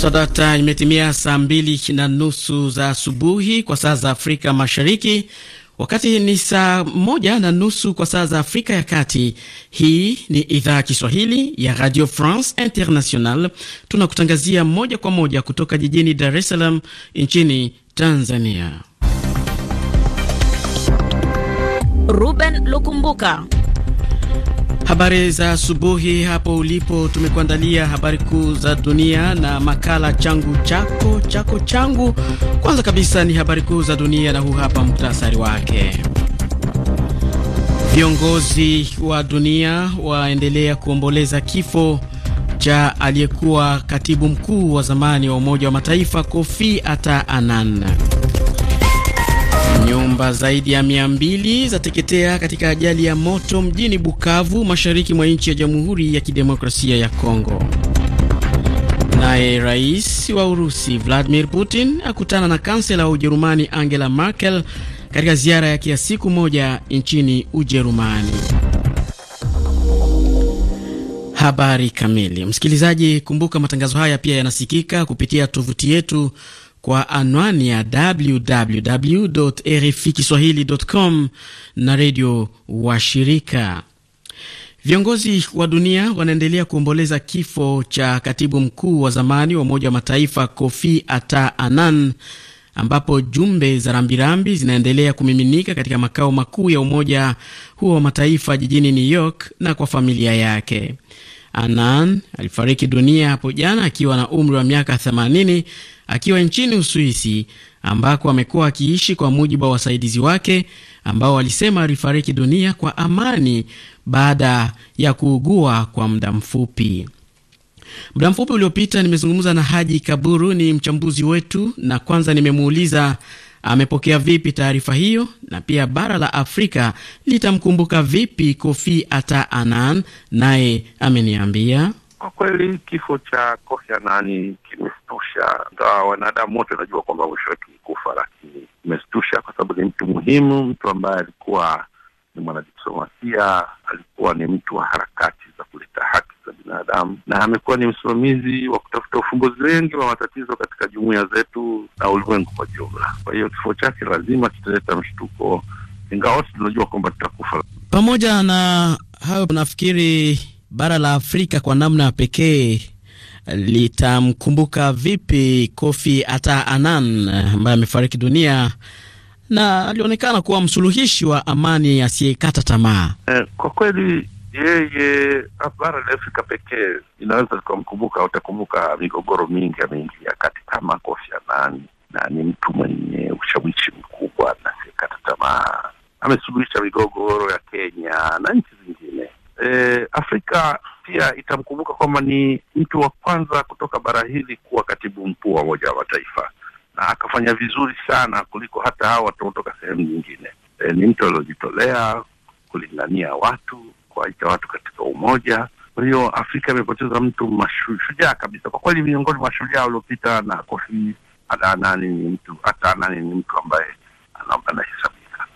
Sadata imetimia saa mbili na nusu za asubuhi kwa saa za Afrika Mashariki, wakati ni saa moja na nusu kwa saa za Afrika ya Kati. Hii ni idhaa ya Kiswahili ya Radio France International, tunakutangazia moja kwa moja kutoka jijini Dar es Salaam nchini Tanzania. Ruben Lukumbuka Habari za asubuhi hapo ulipo. Tumekuandalia habari kuu za dunia na makala changu chako chako changu. Kwanza kabisa ni habari kuu za dunia, na huu hapa muhtasari wake. Viongozi wa dunia waendelea kuomboleza kifo cha aliyekuwa katibu mkuu wa zamani wa Umoja wa Mataifa Kofi Atta Annan. Nyumba zaidi ya mia mbili zateketea katika ajali ya moto mjini Bukavu, mashariki mwa nchi ya Jamhuri ya Kidemokrasia ya Kongo. Naye rais wa Urusi Vladimir Putin akutana na kansela wa Ujerumani Angela Merkel katika ziara yake ya siku moja nchini Ujerumani. Habari kamili, msikilizaji, kumbuka matangazo haya pia yanasikika kupitia tovuti yetu kwa anwani ya www RFI kiswahilicom na redio wa shirika Viongozi wa dunia wanaendelea kuomboleza kifo cha katibu mkuu wa zamani wa Umoja wa Mataifa Kofi Ata Anan, ambapo jumbe za rambirambi zinaendelea kumiminika katika makao makuu ya umoja huo wa mataifa jijini New York na kwa familia yake. Anan alifariki dunia hapo jana akiwa na umri wa miaka 80 akiwa nchini Uswisi ambako amekuwa akiishi kwa mujibu wa wasaidizi wake ambao walisema alifariki dunia kwa amani baada ya kuugua kwa muda mfupi. Muda mfupi uliopita nimezungumza na Haji Kaburu, ni mchambuzi wetu, na kwanza nimemuuliza amepokea vipi taarifa hiyo, na pia bara la Afrika litamkumbuka vipi Kofi Ata Anan? Naye ameniambia kwa kweli kifo cha Kofi Anani kimestusha, ingawa wanadamu wote wanajua kwamba mwisho wake ni kufa, lakini imestusha kwa sababu ni mtu muhimu, mtu ambaye alikuwa ni mwanadiplomasia, alikuwa ni mtu wa harakati za kuleta haki za binadamu, na amekuwa ni msimamizi wa kutafuta ufumbuzi wengi wa matatizo katika jumuiya zetu na ulimwengu kwa jumla. Kwa hiyo kifo chake lazima kitaleta mshtuko, ingawa si tunajua kwamba tutakufa. Pamoja na hayo, nafikiri bara la Afrika kwa namna pekee litamkumbuka vipi Kofi Ata Annan ambaye amefariki dunia na alionekana kuwa msuluhishi wa amani asiyekata tamaa. Eh, kwa kweli yeye bara la Afrika pekee inaweza tukamkumbuka. Utakumbuka migogoro mingi ameingia kati kama Kofi Annan, na ni mtu mwenye ushawishi mkubwa na sikata tamaa, amesuluhisha migogoro ya Kenya na nchi zingine. E, Afrika pia itamkumbuka kwamba ni mtu wa kwanza kutoka bara hili kuwa katibu mkuu wa Umoja wa Mataifa na akafanya vizuri sana kuliko hata hao watu kutoka sehemu nyingine. E, ni mtu aliojitolea kulingania watu kuwaita watu katika umoja. Kwa hiyo Afrika imepoteza mtu mashujaa kabisa kwa kweli, miongoni mwa mashujaa waliopita na Kofi Anani ni mtu hata Anani ni mtu ambaye anahesabika.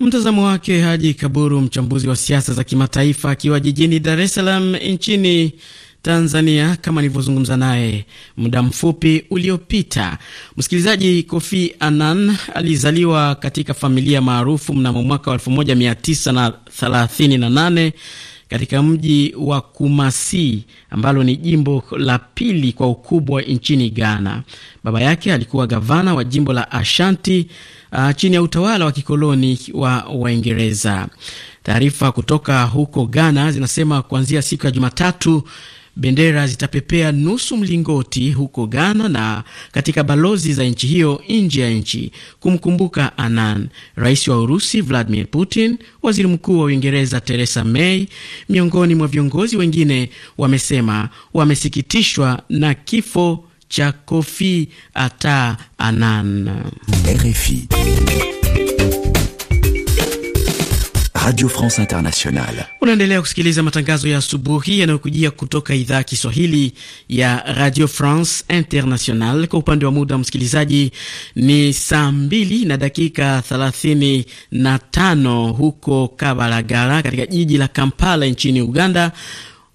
Mtazamo wake Haji Kaburu, mchambuzi wa siasa za kimataifa, akiwa jijini Dar es Salaam nchini Tanzania, kama nilivyozungumza naye muda mfupi uliopita. Msikilizaji, Kofi Annan alizaliwa katika familia maarufu mnamo mwaka wa 1938 katika mji wa Kumasi ambalo ni jimbo la pili kwa ukubwa nchini Ghana. Baba yake alikuwa gavana wa jimbo la Ashanti uh, chini ya utawala wa kikoloni wa Waingereza. Taarifa kutoka huko Ghana zinasema kuanzia siku ya Jumatatu Bendera zitapepea nusu mlingoti huko Ghana na katika balozi za nchi hiyo nje ya nchi kumkumbuka Anan, rais wa Urusi Vladimir Putin, waziri mkuu wa Uingereza Theresa May, miongoni mwa viongozi wengine, wamesema wamesikitishwa na kifo cha Kofi ata Anan. RFI. Radio France Internationale. Unaendelea kusikiliza matangazo ya asubuhi yanayokujia kutoka idhaa Kiswahili ya Radio France International. Kwa upande wa muda, msikilizaji, ni saa mbili na dakika thelathini na tano huko Kabalagala katika jiji la Kampala nchini Uganda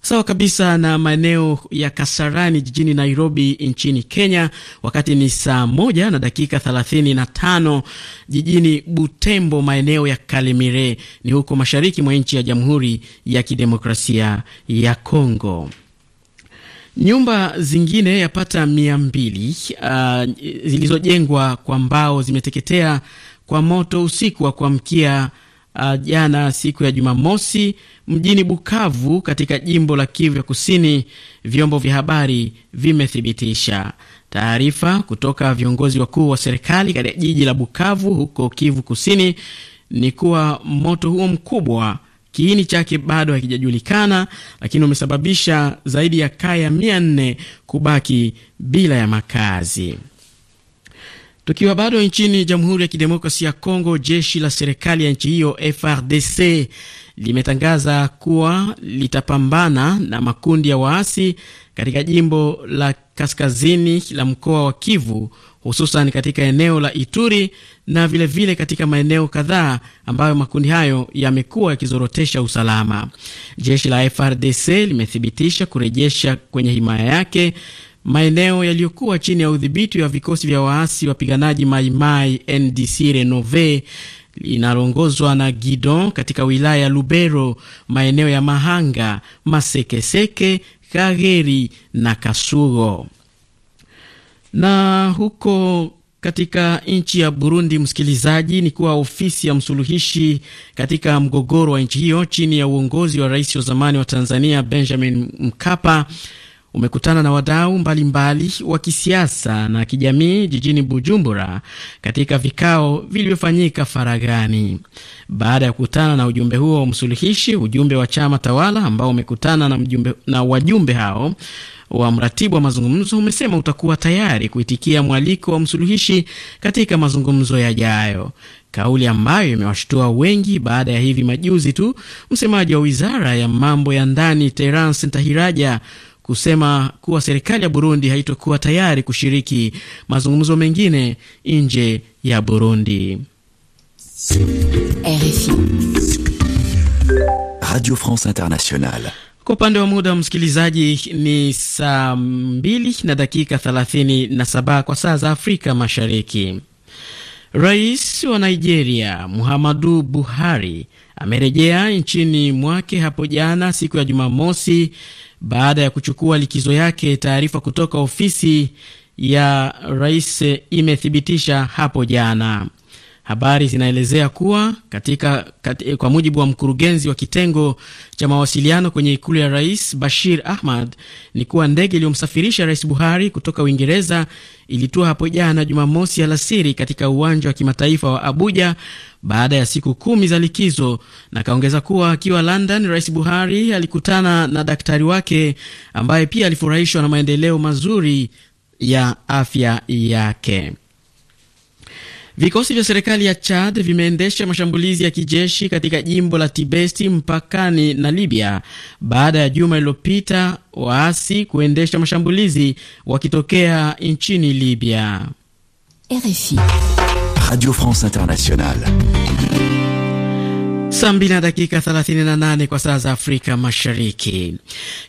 sawa kabisa na maeneo ya Kasarani jijini Nairobi nchini Kenya. Wakati ni saa moja na dakika thelathini na tano jijini Butembo, maeneo ya Kalemire ni huko mashariki mwa nchi ya Jamhuri ya Kidemokrasia ya Kongo. Nyumba zingine yapata mia mbili uh, zilizojengwa kwa mbao zimeteketea kwa moto usiku wa kuamkia uh, jana siku ya Jumamosi mjini Bukavu katika jimbo la Kivu ya Kusini, vyombo vya habari vimethibitisha. Taarifa kutoka viongozi wakuu wa serikali katika jiji la Bukavu huko Kivu Kusini ni kuwa moto huo mkubwa kiini chake bado hakijajulikana, lakini umesababisha zaidi ya kaya mia nne kubaki bila ya makazi. Tukiwa bado nchini Jamhuri ya Kidemokrasia ya Kongo, jeshi la serikali ya nchi hiyo FRDC limetangaza kuwa litapambana na makundi ya waasi katika jimbo la kaskazini la mkoa wa Kivu, hususan katika eneo la Ituri na vilevile vile katika maeneo kadhaa ambayo makundi hayo yamekuwa yakizorotesha usalama. Jeshi la FRDC limethibitisha kurejesha kwenye himaya yake maeneo yaliyokuwa chini ya udhibiti wa vikosi vya waasi wapiganaji Maimai NDC Renove linaloongozwa na Gidon katika wilaya ya Lubero, maeneo ya Mahanga, Masekeseke, Kageri na Kasuro. Na huko katika nchi ya Burundi, msikilizaji, ni kuwa ofisi ya msuluhishi katika mgogoro wa nchi hiyo chini ya uongozi wa rais wa zamani wa Tanzania Benjamin Mkapa umekutana na wadau mbalimbali wa kisiasa na kijamii jijini Bujumbura katika vikao vilivyofanyika faragani. Baada ya kukutana na ujumbe huo wa msuluhishi, ujumbe wa chama tawala ambao umekutana na, mjumbe, na wajumbe hao wa mratibu wa mazungumzo umesema utakuwa tayari kuitikia mwaliko wa msuluhishi katika mazungumzo yajayo, kauli ambayo imewashtua wengi baada ya hivi majuzi tu msemaji wa wizara ya mambo ya ndani Terence Ntahiraja kusema kuwa serikali ya Burundi haitokuwa tayari kushiriki mazungumzo mengine nje ya Burundi. RFI. Radio France Internationale. Kwa upande wa muda msikilizaji, ni saa 2 na dakika 37 kwa saa za Afrika Mashariki. Rais wa Nigeria Muhammadu Buhari amerejea nchini mwake hapo jana siku ya Jumamosi baada ya kuchukua likizo yake, taarifa kutoka ofisi ya rais imethibitisha hapo jana. Habari zinaelezea kuwa katika, katika, eh, kwa mujibu wa mkurugenzi wa kitengo cha mawasiliano kwenye ikulu ya rais Bashir Ahmad ni kuwa ndege iliyomsafirisha rais Buhari kutoka Uingereza ilitua hapo jana Jumamosi alasiri katika uwanja wa kimataifa wa Abuja baada ya siku kumi za likizo, na akaongeza kuwa akiwa London, rais Buhari alikutana na daktari wake ambaye pia alifurahishwa na maendeleo mazuri ya afya yake. Vikosi vya serikali ya Chad vimeendesha mashambulizi ya kijeshi katika jimbo la Tibesti mpakani na Libya baada ya juma iliyopita waasi kuendesha mashambulizi wakitokea nchini Libya. RFI Radio France Internationale. Saa mbili na dakika 38 kwa saa za Afrika Mashariki.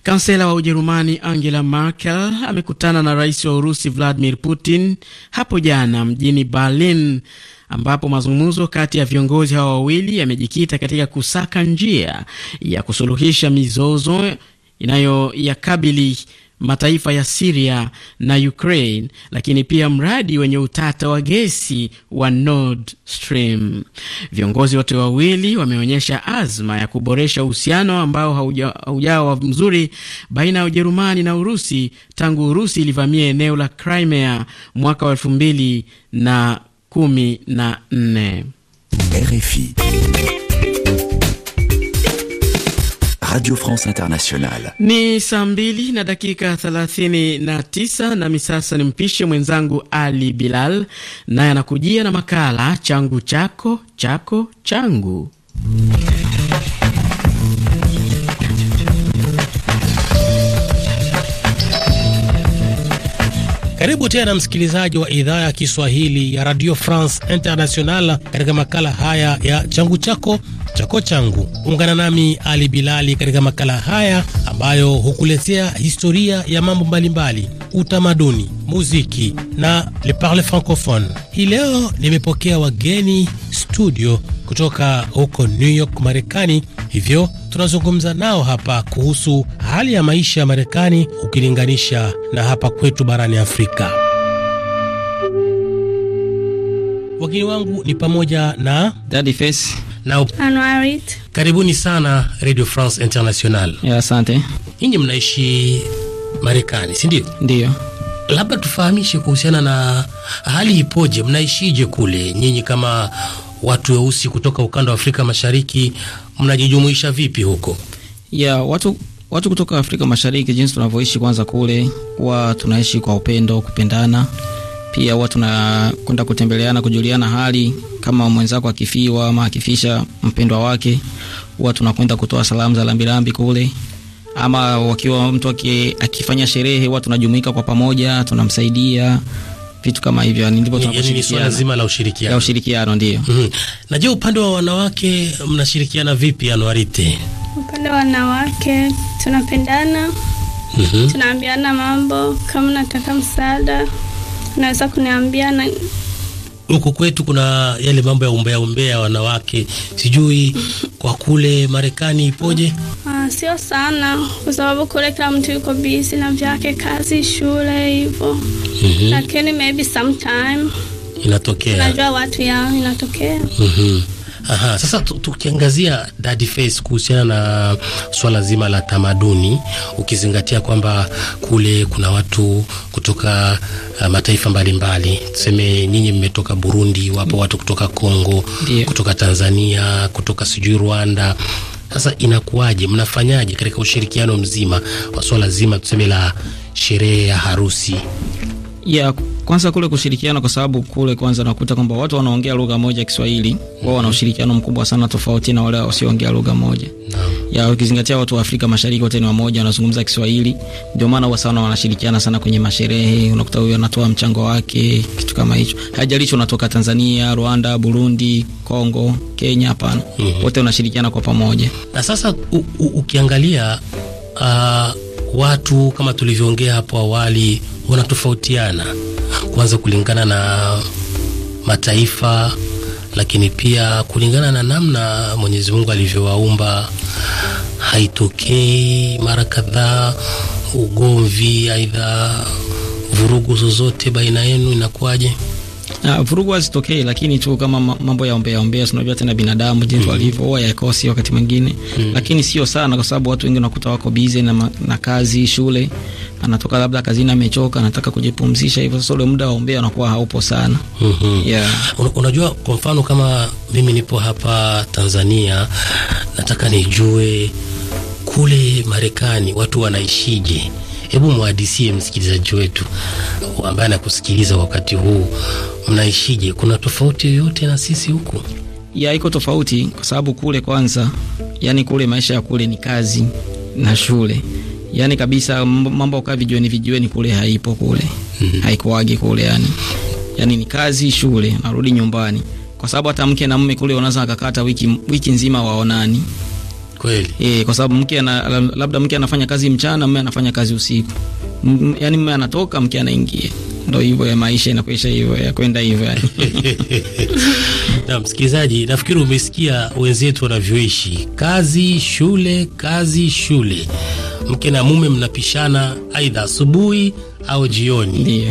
Kansela wa Ujerumani Angela Merkel amekutana na rais wa Urusi Vladimir Putin hapo jana mjini Berlin, ambapo mazungumzo kati ya viongozi hawa wawili yamejikita katika kusaka njia ya kusuluhisha mizozo inayoyakabili mataifa ya Siria na Ukraine, lakini pia mradi wenye utata wa gesi wa Nord Stream. Viongozi wote wawili wameonyesha azma ya kuboresha uhusiano ambao haujawa mzuri baina ya Ujerumani na Urusi tangu Urusi ilivamia eneo la Crimea mwaka wa elfu mbili na kumi na nne. RFI Radio France Internationale. Ni saa mbili na dakika 39 na tisa nami sasa mpishe mwenzangu Ali Bilal naye anakujia na makala changu chako chako changu. Karibu tena msikilizaji wa idhaa ya Kiswahili ya Radio France Internationale katika makala haya ya changu chako chako changu. Ungana nami Ali Bilali katika makala haya ambayo hukuletea historia ya mambo mbalimbali, utamaduni, muziki na le parle francophone. Hii leo nimepokea wageni studio kutoka huko New York Marekani, hivyo tunazungumza nao hapa kuhusu hali ya maisha ya Marekani ukilinganisha na hapa kwetu barani Afrika. Wageni wangu ni pamoja na Daddy Face na Anuarit. Karibuni sana Radio France International. Ya, asante. Nyinyi mnaishi Marekani, si ndio? Ndio. Labda tufahamishe kuhusiana na hali ipoje, mnaishije kule nyinyi kama watu weusi kutoka ukanda wa Afrika Mashariki, mnajijumuisha vipi huko? Ya, watu watu kutoka Afrika Mashariki, jinsi tunavyoishi kwanza kule, huwa tunaishi kwa upendo, kupendana pia huwa tunakwenda kutembeleana, kujuliana hali, kama mwenzako akifiwa ama akifisha mpendwa wake, huwa tunakwenda kutoa salamu za lambilambi kule, ama wakiwa mtu akifanya sherehe, huwa tunajumuika kwa pamoja, tunamsaidia vitu kama hivyo, ndipo yaani tunaposhirikiana. zima la ushirikiano, la ushirikiano ndio. mm -hmm. Na je, upande wa wanawake mnashirikiana vipi, Anuarite? Upande wa wanawake tunapendana, mm -hmm. tunaambiana mambo, kama nataka msaada naweza kuniambia na huku kwetu kuna yale mambo ya umbea umbea wanawake, sijui kwa kule Marekani ipoje? Uh, sio sana, kwa sababu kule kila mtu yuko busy na vyake, kazi, shule, hivyo mm -hmm. Lakini maybe sometime inatokea, najua watu yao inatokea mm -hmm. Aha, sasa tukiangazia Daddy Face kuhusiana na swala zima la tamaduni, ukizingatia kwamba kule kuna watu kutoka uh, mataifa mbalimbali, tuseme nyinyi mmetoka Burundi, wapo watu kutoka Kongo, yeah, kutoka Tanzania, kutoka sijui Rwanda sasa inakuwaje? Mnafanyaje katika ushirikiano mzima wa swala zima tuseme la sherehe ya harusi? Yeah, kwanza kule kushirikiana, kwa sababu kule kwanza nakuta kwamba watu wanaongea lugha moja ya Kiswahili wao wana ushirikiano mkubwa sana, tofauti na wale wasioongea lugha moja ya ukizingatia watu wa Afrika Mashariki wote ni wamoja, wanazungumza Kiswahili, ndio maana huwa sana wanashirikiana sana kwenye masherehe, unakuta huyo anatoa mchango wake, kitu kama hicho, haijalishi unatoka Tanzania, Rwanda, Burundi, Kongo, Kenya, hapana, mm -hmm. wote wanashirikiana kwa pamoja. Na sasa u, u, ukiangalia uh, watu kama tulivyoongea hapo awali wanatofautiana kwanza kulingana na mataifa, lakini pia kulingana na namna Mwenyezi Mungu alivyowaumba. Haitokei mara kadhaa ugomvi, aidha vurugu zozote baina yenu, inakuwaje? na vurugu hazitokei, lakini tu kama mambo ya ombea ombea, unajua tena binadamu jinsi mm. walivyo, huwa yakosi wakati mwingine, mm. lakini sio sana, kwa sababu watu wengi wanakuta wako busy na, na kazi, shule, anatoka labda kazini amechoka, anataka kujipumzisha hivyo. Sasa ule muda wa ombea unakuwa haupo sana. mm -hmm. yeah. Un, unajua kwa mfano kama mimi nipo hapa Tanzania, nataka nijue kule Marekani watu wanaishije Hebu mwadisie msikilizaji wetu ambaye anakusikiliza wakati huu, mnaishije? Kuna tofauti yoyote na sisi huku? Ya iko tofauti, kwa sababu kule kwanza, yani kule maisha ya kule ni kazi na shule, yani kabisa mambo kaa vijiweni vijiweni kule haipo kule mm -hmm. haikuwagi kule yani, yani ni kazi, shule, narudi nyumbani, kwa sababu hata mke na mume kule wanaweza akakata wiki, wiki nzima waonani Kweli. Eh, kwa sababu mke ana labda mke anafanya kazi mchana, mume anafanya kazi usiku. M, yani mume anatoka, mke anaingia. Ndio hivyo ya maisha inakuisha hivyo ya kwenda hivyo yani. Na msikilizaji, nafikiri umesikia wenzetu wanavyoishi. Kazi, shule, kazi, shule mke na mume mnapishana aidha asubuhi au jioni.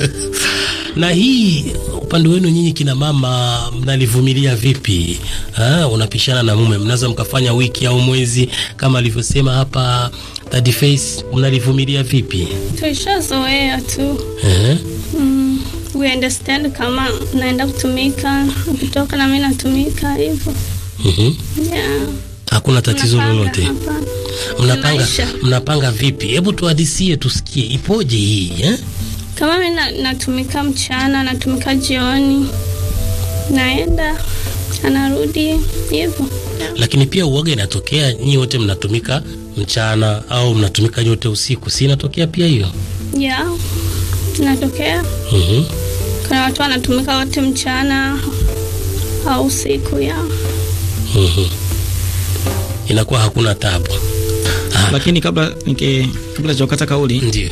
na hii upande wenu nyinyi kina mama mnalivumilia vipi? Ha, unapishana na mume, mnaweza mkafanya wiki au mwezi kama alivyosema hapa Daddy Face, mnalivumilia vipi? Tuishazoea tu. Eh? Mm, we understand kama naenda kutumika, ukitoka na mimi natumika hivyo. Mhm. yeah hakuna tatizo lolote. Mnapanga mnapanga vipi? Hebu tuhadisie tusikie, ipoje hii eh? Kama mimi na, natumika mchana, natumika jioni, naenda anarudi hivyo. Lakini pia uoga inatokea, nyi wote mnatumika mchana au mnatumika nyote usiku, si inatokea pia hiyo? Yeah, inatokea. mm -hmm. Kuna watu wanatumika wote mchana au usiku ya yeah. mm -hmm inakuwa hakuna tabu. Ah. Lakini kabla nike, kabla sijakata kauli, ndio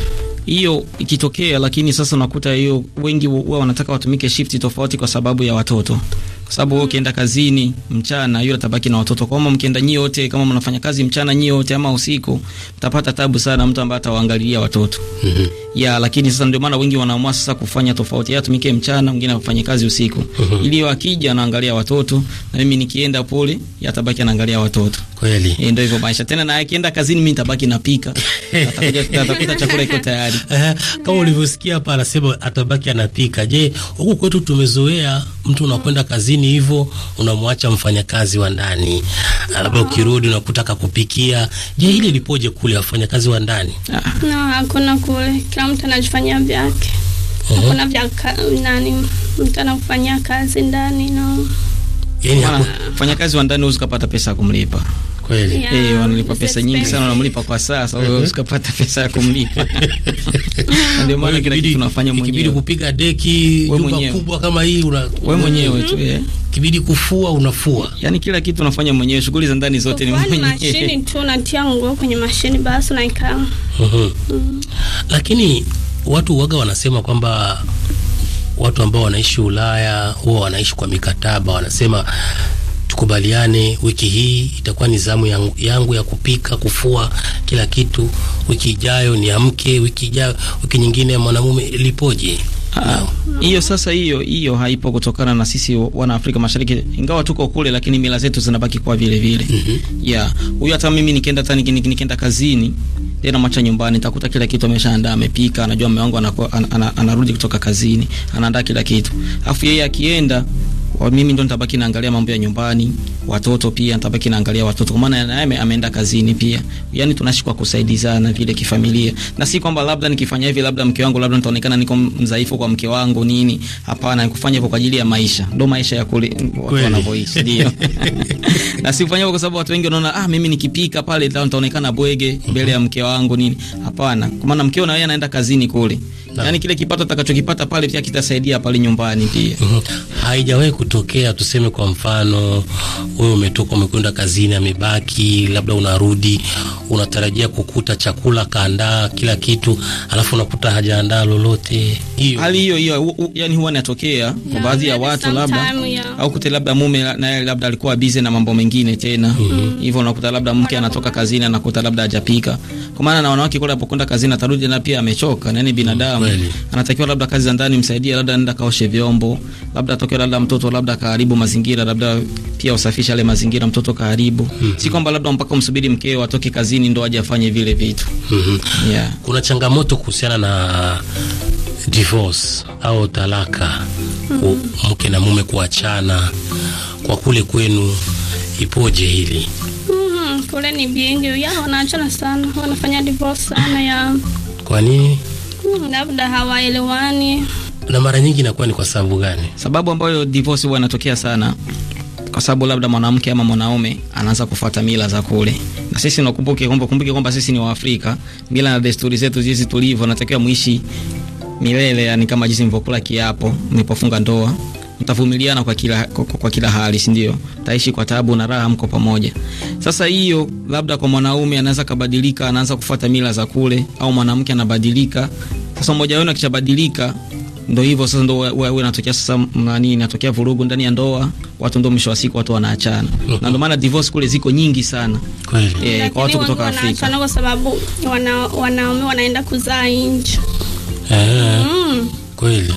hiyo ikitokea, lakini sasa unakuta hiyo wengi huwa wanataka watumike shift tofauti kwa sababu ya watoto, kwa sababu wewe ukienda kazini mchana, yule atabaki na watoto. Kama mkienda nyie wote, kama mnafanya kazi mchana nyie wote ama usiku, mtapata tabu sana, mtu ambaye atawaangalia watoto mm -hmm ya lakini sasa ndio maana wengi wanaamua sasa kufanya tofauti, yeye atumike mchana, mwingine afanye kazi usiku, mhm. ili akija anaangalia watoto na mimi nikienda pole, yatabaki anaangalia watoto. Kweli e, ndio hivyo maisha tena, na akienda kazini mimi nitabaki napika, atakuja atakuta chakula iko tayari eh, kama ulivyosikia hapa anasema atabaki anapika. Je, huku kwetu tumezoea mtu unakwenda kazini hivyo unamwacha mfanyakazi wa ndani, labda ukirudi unakuta kakupikia. Je, hili lipoje kule wafanyakazi wa ndani? Ah, no, hakuna kule kila mtu anajifanyia vyake mm-hmm. hakuna vya nani mtu anakufanyia kazi ndani no yani fanya kazi wa ndani usikapata pesa ya kumlipa kweli eh yeah, eh wanalipa pesa nyingi sana wanamlipa kwa saa sasa uh-huh. Mhm. usikapata pesa ya kumlipa ndio maana kila kitu tunafanya mwenyewe ikibidi kupiga deki nyumba kubwa kama hii una wewe mwenyewe mhm. tu eh kibidi kufua, unafua, yani kila kitu unafanya mwenyewe, shughuli za ndani zote ni mwenyewe. Mashini tu natia nguo kwenye mashini basi na ikaa. mm -hmm. mm. Lakini watu uwaga wanasema kwamba watu ambao wanaishi Ulaya huwa wanaishi kwa mikataba, wanasema tukubaliane, wiki hii itakuwa ni zamu yangu, yangu ya kupika, kufua, kila kitu. Wiki ijayo niamke, wiki ijayo, wiki nyingine ya mwanamume. Lipoje? hiyo uh, sasa hiyo hiyo haipo kutokana na sisi wana Afrika Mashariki, ingawa tuko kule, lakini mila zetu zinabaki kwa vile vile. mm -hmm. Yeah, huyu hata mimi nikienda tani nikienda kazini tena macha nyumbani nitakuta kila kitu ameshaandaa, amepika, anajua mume wangu an, an, anarudi kutoka kazini, anaandaa kila kitu, afu yeye akienda kwa mimi ndo nitabaki naangalia mambo ya nyumbani, watoto pia nitabaki naangalia watoto, kwa maana naye ameenda kazini pia. Yani tunaishi kwa kusaidizana vile kifamilia, na si kwamba labda nikifanya hivi labda mke wangu labda nitaonekana niko mdhaifu kwa mke wangu nini. Hapana, nikufanya hivyo kwa ajili ya maisha, ndo maisha ya kule watu wanavyoishi, ndio na si kufanya hivyo kwa sababu watu wengi wanaona ah, mimi nikipika pale nitaonekana bwege mbele ya mke wangu nini. Hapana, kwa maana mkeo na yeye anaenda kazini kule na. Yani kile kipato atakachokipata pale pia kitasaidia pale nyumbani pia. Mm -hmm. Haijawahi kutokea tuseme, kwa mfano wewe umetoka umekwenda kazini, amebaki labda, unarudi unatarajia kukuta chakula kaandaa kila kitu, alafu unakuta hajaandaa lolote. Hiyo hali hiyo hiyo, yani huwa inatokea kwa baadhi ya watu labda yeah. Au kute labda mume naye labda alikuwa busy na mambo mengine tena mhm. hivyo, mm -hmm. Unakuta labda mke anatoka kazini anakuta labda hajapika kwa maana na wanawake kule anapokwenda kazini atarudi na pia amechoka, yani binadamu mm, anatakiwa labda kazi za ndani msaidie, labda nenda kaoshe vyombo, labda atokea, labda mtoto labda kaharibu mazingira, labda pia usafisha yale mazingira mtoto kaharibu. mm -hmm. Si kwamba labda mpaka umsubiri mkeo atoke kazini ndo aje afanye vile vitu. mm -hmm. yeah. Kuna changamoto kuhusiana na divorce au talaka, mm -hmm. mke na mume kuachana, kwa kule kwenu ipoje hili? kule ni bingi ya wanaachana sana, wanafanya divorce sana ya. Kwa nini? Hmm, labda hawaelewani. Na mara nyingi inakuwa ni kwa sababu gani? Sababu ambayo divorce huwa inatokea sana kwa sababu labda mwanamke ama mwanaume anaanza kufuata mila za kule, na sisi nakumbuke kwamba kumbuke kwamba sisi ni Waafrika, mila na desturi zetu jinsi tulivyo, natakiwa muishi milele, yani kama jinsi mlivyokula kiapo mlipofunga ndoa mtavumiliana kwa kila, kwa, kwa kila hali, si ndio? Taishi kwa taabu na raha, mko pamoja. Sasa hiyo labda kwa mwanaume anaweza kabadilika, anaanza kufuata mila za kule, au mwanamke anabadilika. Sasa mmoja wenu akishabadilika ndo hivyo sasa, ndo wewe natokea sasa nani, natokea vurugu ndani ya ndoa, watu ndo mwisho wa siku watu wanaachana. mm -hmm. Na ndo maana divorce kule ziko nyingi sana kweli, eh, kwa watu kutoka Afrika, kwa sababu wanaume wanaenda kuzaa nje eh mm kweli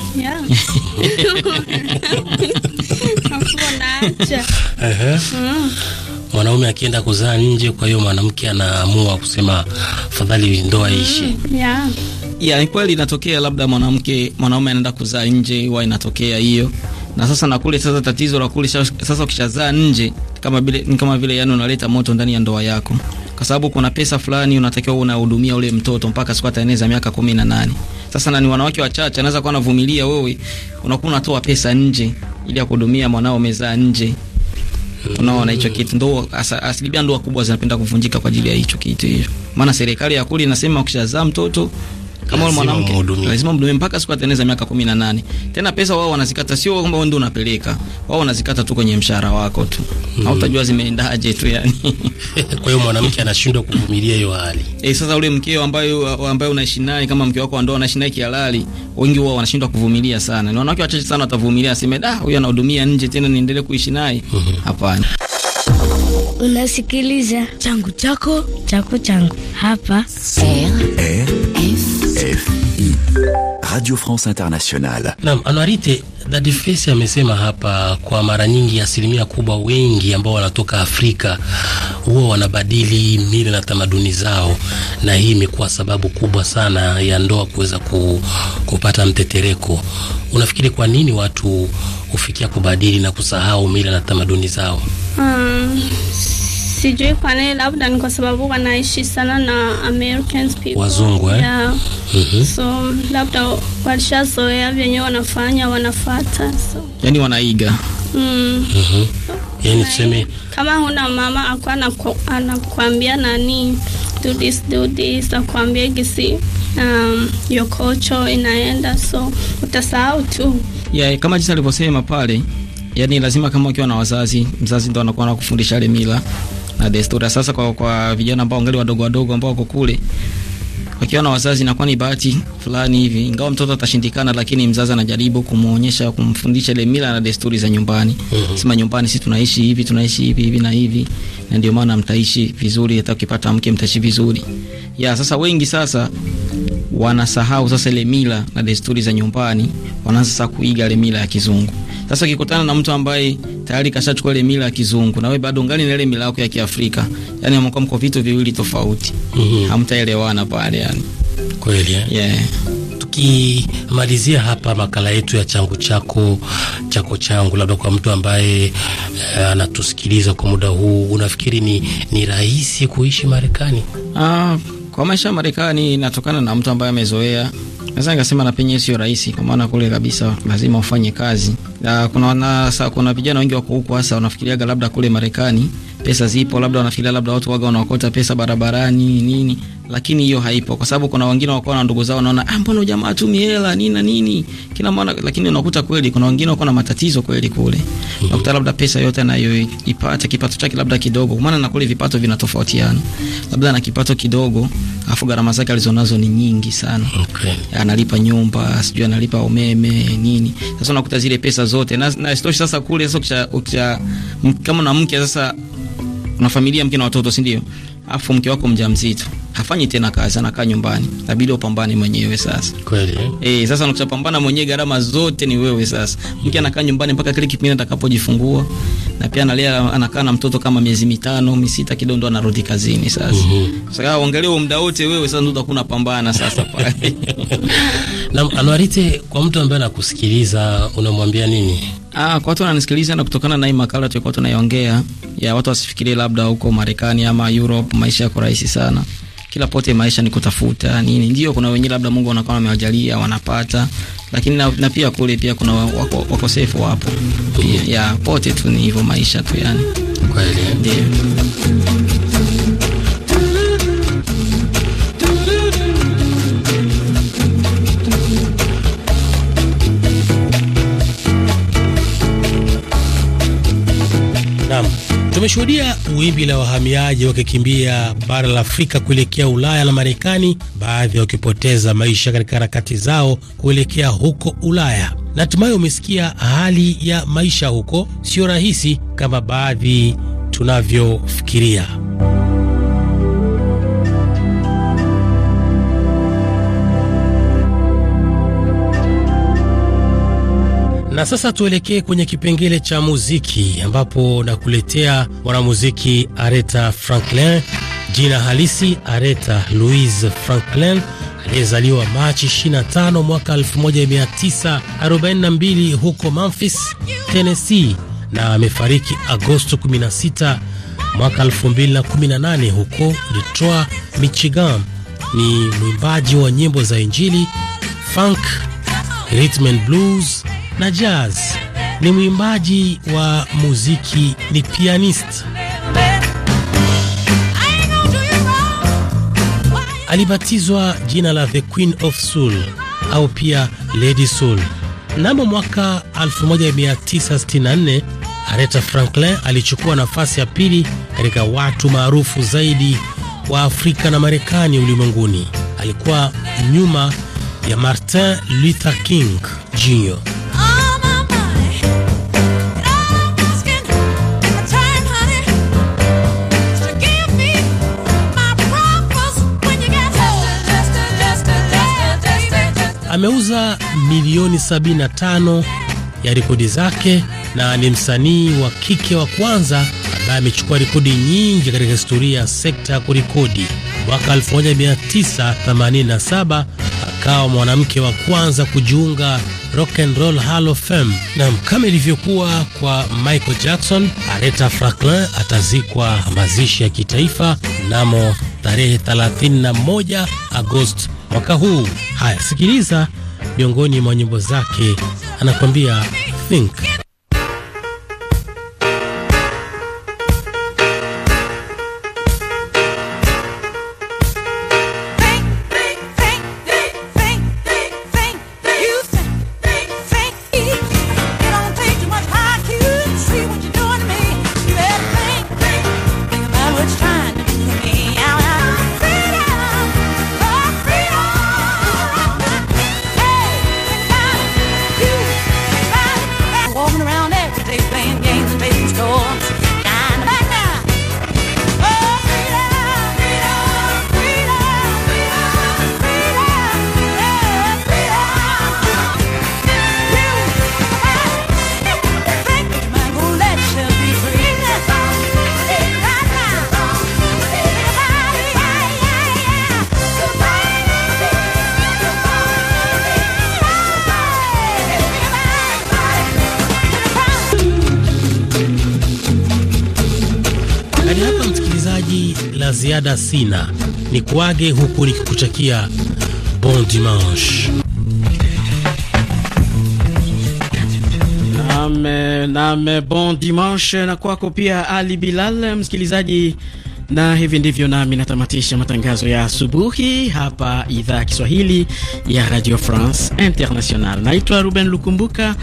mm. mwanaume akienda kuzaa nje, kwa hiyo mwanamke anaamua kusema fadhali ndoa iishe. Mm, yeah. ni kweli inatokea, labda mwanamke mwanaume anaenda kuzaa nje, huwa inatokea hiyo. Na sasa na kule sasa, tatizo la kule sasa, ukishazaa nje kama vile kama vile yani unaleta moto ndani ya ndoa yako, kwa sababu kuna pesa fulani unatakiwa unahudumia ule mtoto mpaka siku ataeneza miaka kumi na nane. Sasa na ni wanawake wachache, anaweza kuwa anavumilia, wewe unakuwa unatoa pesa nje ili ya kuhudumia mwanao mezaa nje. Unaona hicho kitu ndo asilimia ndoa kubwa zinapenda kuvunjika kwa ajili ya hicho kitu hicho, maana serikali ya kuli inasema ukishazaa mtoto kama ule mwanamke lazima mdumie mpaka siku ateneza miaka 18. Tena pesa wao wanazikata, sio kwamba wewe ndio unapeleka, wao wanazikata tu kwenye mshahara wako tu, mm. Au utajua zimeendaje tu yani. Kwa hiyo mwanamke anashindwa kuvumilia hiyo hali eh. Sasa ule mkeo ambaye ambaye unaishi naye, kama mke wako ndio anaishi naye kihalali, wengi wao wanashindwa kuvumilia sana. Ni wanawake wachache sana watavumilia, aseme da, huyu anahudumia nje, tena niendelee kuishi naye? Mhm. Hapana. Unasikiliza changu chako chako changu hapa RFI Radio France Internationale. Naam, Anwarite Dadifesi amesema hapa kwa mara nyingi, asilimia kubwa wengi ambao wanatoka Afrika huwa wanabadili mila na tamaduni zao, na hii imekuwa sababu kubwa sana ya ndoa kuweza ku, kupata mtetereko. Unafikiri kwa nini watu hufikia kubadili na kusahau mila na tamaduni zao? mm. Sijui kwa nini, labda ni kwa sababu wanaishi sana na Americans people, wazungu eh? Yeah. mm -hmm. So labda walishazoea vyenye wanafanya wanafata, so yani wanaiga mm. mm -hmm. Yani tuseme kama huna mama akwa anakuambia nani do this do this, akwambia gisi um, yokocho inaenda, so utasahau tu yeah, kama jinsi alivyosema pale, yani lazima kama ukiwa na wazazi, mzazi ndo anakuwa anakufundisha ile mila na desturi. Sasa kwa, kwa vijana ambao wangali wadogo wadogo ambao wako kule wakiwa na wazazi, inakuwa ni bahati fulani hivi, ingawa mtoto atashindikana, lakini mzazi anajaribu kumuonyesha, kumfundisha ile mila na desturi za nyumbani. mm -hmm. Sema nyumbani sisi tunaishi hivi, tunaishi hivi hivi na hivi, na ndio maana mtaishi vizuri, hata ukipata mke mtaishi vizuri ya sasa. Wengi sasa wanasahau sasa ile mila na desturi za nyumbani, wanaanza sasa kuiga ile mila ya kizungu. Sasa ukikutana na mtu ambaye tayari kashachukua ile mila ya kizungu na wewe bado ungali na ile mila yako ya Kiafrika, yani amekuwa mko vitu viwili tofauti, mhm. hamtaelewana mm -hmm. pale yani kweli eh? yeah. Tukimalizia hapa makala yetu ya changu chako chako changu, labda kwa mtu ambaye eh, anatusikiliza uh, kwa muda huu, unafikiri ni, ni rahisi kuishi Marekani? ah, kwa maisha ya Marekani inatokana na mtu ambaye amezoea. naza nikasema na penye sio rahisi, kwa maana kule kabisa lazima ufanye kazi. Na kuna wana, kuna vijana wengi wako huko hasa wanafikiriaga labda kule Marekani pesa zipo, labda wanafikiria labda watu waga wanaokota pesa barabarani nini, lakini hiyo haipo, kwa sababu kuna wengine wako na ndugu zao wanaona ah, mbona jamaa tu miela nini na nini kila mara, lakini unakuta kweli kuna wengine wako na matatizo kweli kule, hmm. unakuta labda pesa yote anayoipata kipato chake labda kidogo, maana na kule vipato vinatofautiana, labda na kipato kidogo afu gharama zake alizonazo ni nyingi sana, okay. Analipa nyumba, sijui analipa umeme nini, sasa unakuta zile pesa zote na, na sitoshi sasa kule sasa, ukisha kama na mke sasa una familia, mke na watoto, si ndio? Afu mke wako mjamzito hafanyi tena kazi, anakaa nyumbani, inabidi upambane mwenyewe sasa. Kweli eh, eh sasa unachopambana mwenyewe, gharama zote ni wewe sasa. Mke anakaa nyumbani mpaka kile kipindi atakapojifungua, na pia analea, anakaa na mtoto kama miezi mitano misita, kidogo ndo anarudi kazini sasa. Mhm. Sasa ah, uangalie muda wote wewe sasa, ndio utakuwa unapambana sasa pale na Anwarite, kwa mtu ambaye anakusikiliza unamwambia nini? Ah, kwa watu wananisikiliza na kutokana na hii makala tulikuwa tunaiongea ya watu wasifikirie labda huko Marekani ama Europe maisha yako rahisi sana kila pote maisha ni kutafuta nini. Ndio kuna wengine labda Mungu anakuwa amewajalia wanapata, lakini na, na pia kule pia kuna wakosefu wapo pia, ya pote tu ni hivyo maisha tu yani, kweli ndio. Tumeshuhudia wimbi la wahamiaji wakikimbia bara la Afrika kuelekea Ulaya na Marekani, baadhi wakipoteza maisha katika harakati zao kuelekea huko Ulaya. Natumai umesikia hali ya maisha huko sio rahisi kama baadhi tunavyofikiria. Na sasa tuelekee kwenye kipengele cha muziki, ambapo nakuletea mwanamuziki Aretha Franklin, jina halisi Aretha Louise Franklin aliyezaliwa Machi 25 mwaka 1942 huko Memphis, Tennessee na amefariki Agosto 16 mwaka 2018 huko Detroit, Michigan. Ni mwimbaji wa nyimbo za Injili, funk, rhythm and blues na jazz. Ni mwimbaji wa muziki, ni pianist. Alibatizwa jina la The Queen of Soul au pia Lady Soul. Mnamo mwaka 1964 Aretha Franklin alichukua nafasi ya pili katika watu maarufu zaidi wa Afrika na Marekani ulimwenguni. Alikuwa nyuma ya Martin Luther King Jr. ameuza milioni 75 ya rekodi zake na ni msanii wa kike wa kwanza ambaye amechukua rekodi nyingi katika historia ya sekta ya kurikodi. Mwaka 1987 akawa mwanamke wa kwanza kujiunga Rock and Roll Hall of Fame. Na kama ilivyokuwa kwa Michael Jackson, Aretha Franklin atazikwa mazishi ya kitaifa mnamo tarehe 31 Agosti mwaka huu. Haya, sikiliza miongoni mwa nyimbo zake, anakuambia think ziada sina, ni kuage huku nikikutakia bon dimanche. Name, name bon dimanche na kwako pia Ali Bilal msikilizaji na hivi ndivyo nami natamatisha matangazo ya asubuhi hapa idhaa ya Kiswahili ya Radio France International. Naitwa Ruben Lukumbuka.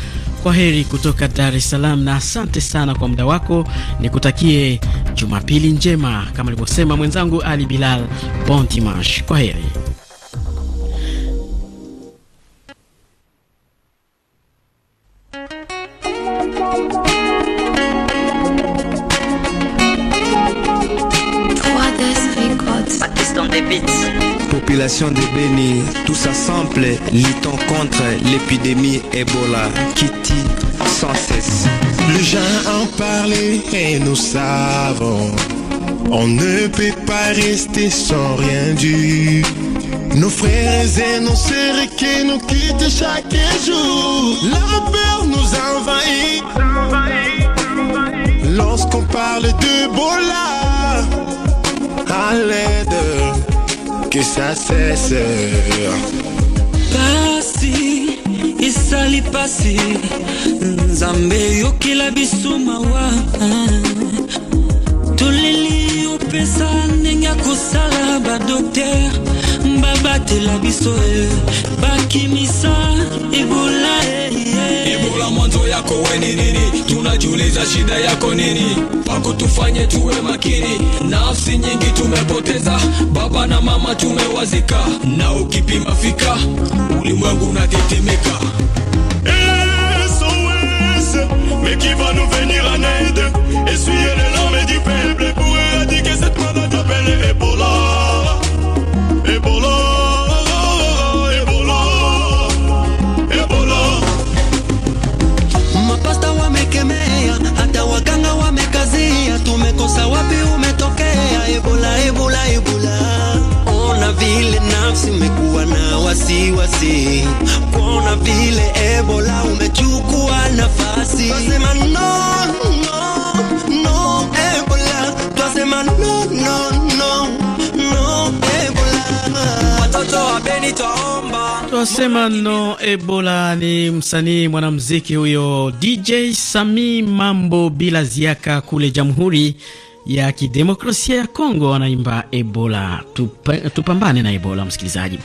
Kwa heri kutoka Dar es Salaam na asante sana kwa muda wako. Nikutakie Jumapili njema, kama alivyosema mwenzangu Ali Bilal. Bon dimanche, kwa heri. population de bénin, tout s'assemble, luttons contre l'épidémie Ebola qui sans cesse. Les gens en parlent et nous savons, on ne peut pas rester sans rien dire. Nos frères et nos sœurs qui nous quittent chaque jour, la peur nous envahit. Lorsqu'on parle de Bola, à l'aide. que ça cesse. Pasi isali pasi nzambe yokela biso mawa toleli opesa ndenge ya kosala badoktere babatela biso e bakimisa ebola e eh, ebola eh. mwanzo yako weni nini tunajiuliza shida yako nini pakutufanye tuwe makini nafsi nyingi tumepoteza baba na mama tumewazika na ukipima fika ulimwengu unatetemeka mais qui va nous venir en aide Essuyer les larmes du peuple pour éradiquer cette maladie appelée Ebola nafasi kuona vile Ebola umechukua nafasi. Twasema no, no, no Ebola, twasema no, no, no, no Ebola. Watoto wa Beni twaomba, twasema no Ebola. Ni msanii mwanamuziki huyo DJ Sami Mambo bila ziaka kule Jamhuri ya Kidemokrasia ya Kongo, anaimba Ebola. Tupa, tupambane na Ebola msikilizaji.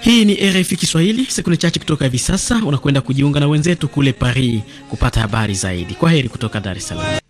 Hii ni RFI Kiswahili. Sekunde chache kutoka hivi sasa unakwenda kujiunga na wenzetu kule Paris kupata habari zaidi. Kwa heri kutoka Dar es Salaam.